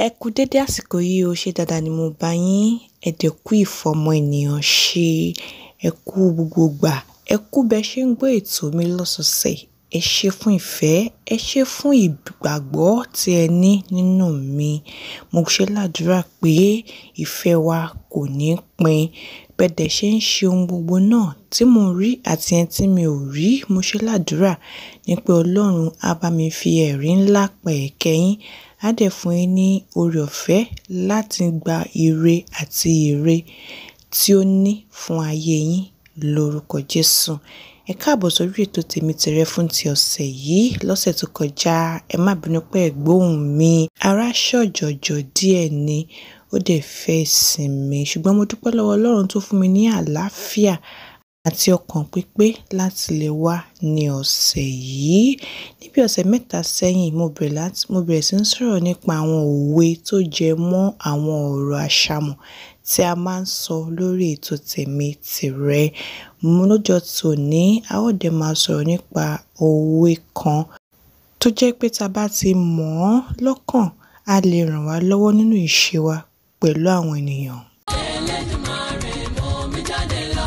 Ẹ kú dédé àsìkò yìí o, ṣe dáadáa ni mo bá yín. Ẹ dẹ̀ kú ìfọmọ ènìyàn ṣe, ẹ kú gbogbo ìgbà, ẹ kú bẹ ṣe ń gbọ́ ètò mi lọ́sọ̀ọ̀sẹ̀. Ẹ ṣé fún ìfẹ́, ẹ ṣé fún ìgbàgbọ́ tí ẹ ní nínú mi. Mo ṣe ládùrá pé ìfẹ́ wa kò ní pín. Bẹ́ dẹ̀ ṣe ń ṣe ohun gbogbo náà tí mo rí àti ẹni tí mi ò rí. Mo ṣe ládùrá ní pé Ọlọ́run á bá mi fi ẹ̀rí ńlá pa ẹ̀kẹ́ á dẹ̀ fún yín ní oore ọ̀fẹ́ láti gba ire àti èrè tí ó ní fún ayé yín lórúkọ Jésù. Ẹ káàbọ̀ sórí ètò tèmi tìrẹ fún ti ọ̀sẹ̀ yìí lọ́sẹ̀ tó kọjá ẹ má bínú pé ẹ mi ara ṣọ̀jọ̀jọ̀ díẹ̀ ni ó dẹ̀ fẹ́ sinmi ṣùgbọ́n mo dúpẹ́ lọ́wọ́ Ọlọ́run tó fún mi ní àlàáfíà àti ọkàn pípé láti ilẹ̀ wá ní ọ̀sẹ̀ yìí. Ní ọ̀sẹ̀ mẹ́ta sẹ́yìn, mo bẹ̀rẹ̀ láti, mo bẹ̀rẹ̀ sí ń sọ̀rọ̀ nípa àwọn òwe tó jẹ mọ́ àwọn ọ̀rọ̀ àṣàmọ̀ tí a máa ń sọ lórí ètò Tẹ̀mí Tìrẹ. Lọ́jọ́ tòní, a ó dẹ̀ máa sọ̀rọ̀ nípa òwe kan tó jẹ́ pé tí bá ti mọ̀ ọ́n lọ́kàn, a lè ràn wá lọ́wọ́ nínú ìṣe wa pẹ̀lú àwọn ènìyàn. Elédùmarè, mo mi jáde lọ.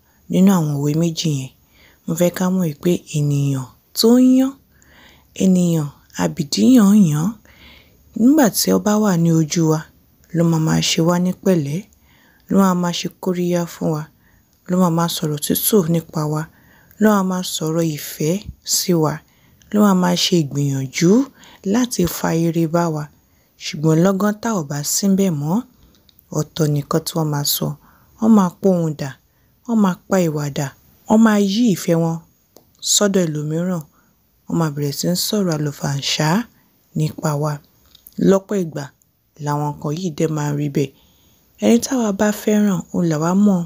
nínú àwọn òwe méjì yẹn mo fẹ́ ká mọ̀ pé ènìyàn tó ń yán ènìyàn abìdíyàn yàn nígbà tí ó bá wà ní ojú wa ló máa máa ṣe wá ní pẹ̀lẹ́ ló máa máa ṣe kóríyá fún wa ló máa máa sọ̀rọ̀ tútù nípa wa ló máa máa sọ̀rọ̀ ìfẹ́ sí wa ló máa máa ṣe ìgbìyànjú láti fa ire bá wa ṣùgbọ́n lọ́gán tá ò bá síbẹ̀ mọ́ ọ̀tọ̀ nìkan tí wọ́n máa sọ wọ́n máa pohùn dà wọ́n máa pa ìwà dà, wọ́n máa yí ìfẹ́ wọn sọ́dọ̀ ẹlòmíràn, wọ́n máa bẹ̀rẹ̀ sí ń sọ̀rọ̀ àlùfàǹṣá nípa wa. Lọ́pọ̀ ìgbà làwọn nǹkan yìí dẹ̀ máa ń rí bẹ́ẹ̀. Ẹni táwa bá fẹ́ràn, òun làwa mọ̀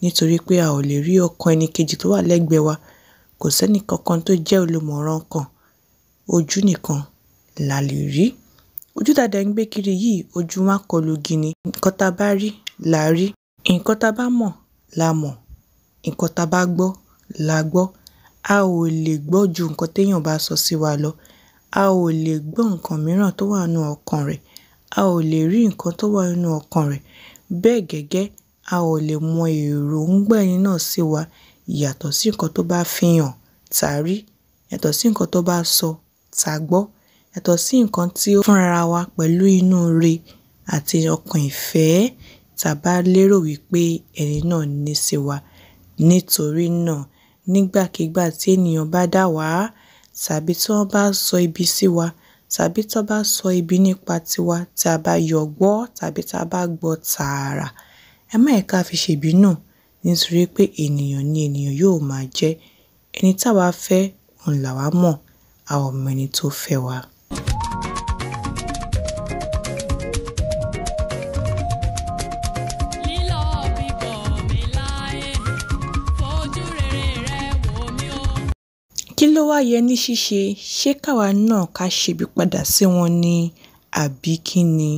nítorí pé a ò lè rí ọkàn ẹni kejì tó wà lẹ́gbẹ̀ẹ́ wa. Kò sẹ́ni kankan tó jẹ́ olùmọ̀ràn kan, ojú nìkan là lè rí. Ojú ta dẹ̀ ń gbé kiri yìí, ojú wa kọlù igi ni. Ǹkan ta bá rí là á rí, ǹkan ta bá mọ̀ la mọ̀, nǹkan tá a bá gbọ́ la gbọ́. A ò lè gbọ́ ju nǹkan téèyàn bá sọ sí wa lọ. A ò lè gbọ́ nǹkan mìíràn tó wà nínú ọkàn rẹ̀. A ò lè rí nǹkan tó wà nínú ọkàn rẹ̀. Bẹ́ẹ̀ gẹ́gẹ́, a ò lè mọ èròǹgbà ẹni náà sí wa yàtọ̀ sí nǹkan tó bá fihàn tà rí, yàtọ̀ sí nǹkan tó bá sọ tà gbọ́, yàtọ̀ sí nǹkan tí ó fúnra wa pẹ̀lú inú ire àti ọkàn ìfẹ́ tá a bá lérò wí pé ẹni náà níṣẹ́ wa. Nítorí náà, nígbàkigbà tí ènìyàn bá dà wá tàbí tí wọ́n bá sọ ibi sí wa tàbí tí wọ́n bá sọ ibi nípa tiwa tí a bá yọ̀ọ́ gbọ́ tàbí tí a bá gbọ́ tààrà, ẹ má jẹ́ kí a fi nítorí pé ènìyàn ni ènìyàn yóò máa jẹ́. Ẹni táwa fẹ́ òun làwa mọ̀, a ò ẹni tó fẹ́ wa. kí ló wáá yẹ ní ṣíṣe ṣe káwa náà ká ṣẹ́bi padà sí wọn ni àbí kín ni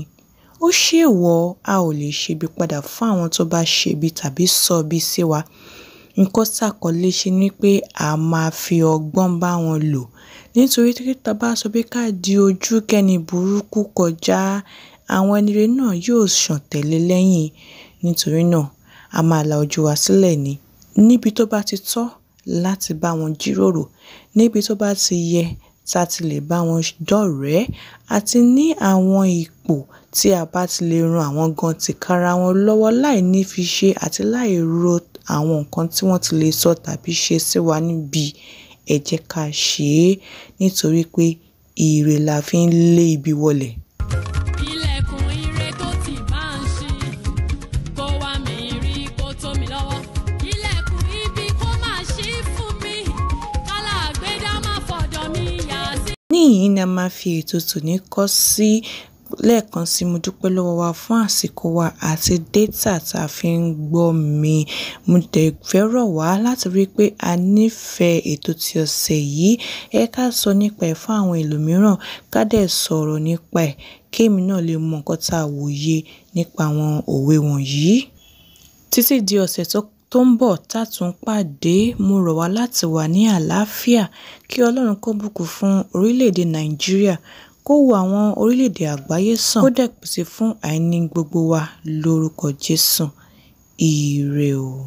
ó ṣèèwọ̀ a ò lè ṣẹ́bi padà fún àwọn tó bá ṣẹ̀bi tàbí sọ̀bi sí wa nǹkan ṣàkọlé ṣe ni pé a máa fi ọgbọ́n bá wọn lò nítorí tí tá a bá sọ pé ká di ojú kẹ́ni burúkú kọjá àwọn ẹni rere náà yóò ṣàn tẹ̀lé lẹ́yìn nítorí náà a máa la ojú wa sílẹ̀ ni níbi tó bá ti tọ́ láti bá wọn jíròrò níbi tó bá ti yẹ tá a ti lè bá wọn dọ̀rẹ́ẹ́ àti ní àwọn ipò tí a bá ti lè ran àwọn gan tìkára wọn lọ́wọ́ láì nífiṣe àti láì ro àwọn nǹkan tí wọ́n ti lè sọ tàbí ṣe sí wa níbi ‘ẹ jẹ́ ká ṣe é nítorí pé ire la fi ń lé ibi wọlẹ̀. níhìn-ín ni a máa fi ètò tòní kọ́ sí lẹ́ẹ̀kan sí mo dúpẹ́ lọ́wọ́ wa fún àsìkò wa àti dátà tá a fi ń gbọ́ mi mo dẹ̀ fẹ́ rọ̀ wá láti rí i pé a nífẹ̀ẹ́ ètò ti ọ̀sẹ̀ yìí ẹ ká sọ nípa ẹ̀ fún àwọn ẹlòmíràn ká dẹ̀ sọ̀rọ̀ nípa ẹ̀ kémi náà lè mọ nǹkan tá a wòye nípa àwọn òwe wọ̀nyí títí di ọ̀sẹ̀ tó tó ń bọ̀ tá a tún pàdé mo rọ̀ wá láti wà ní àlàáfíà kí ọlọ́run kó bùkún fún orílẹ̀‐èdè nàíjíríà kó wo àwọn orílẹ̀‐èdè àgbáyé sàn kó dẹ̀ pèsè fún àìní gbogbo wa lórúkọ jésù ire o